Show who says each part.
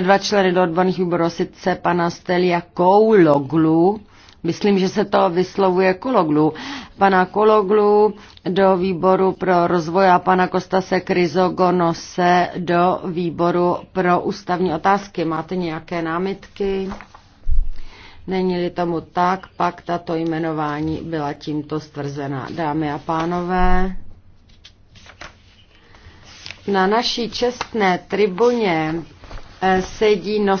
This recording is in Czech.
Speaker 1: dva členy do odborných výborů, sice pana Stelia Kouloglu, myslím, že se to vyslovuje Kouloglu, pana Kouloglu do výboru pro rozvoj a pana Kostase Kryzogonose do výboru pro ústavní otázky. Máte nějaké námitky? Není-li tomu tak, pak tato jmenování byla tímto stvrzena. Dámy a pánové, na naší čestné tribuně sedí nosí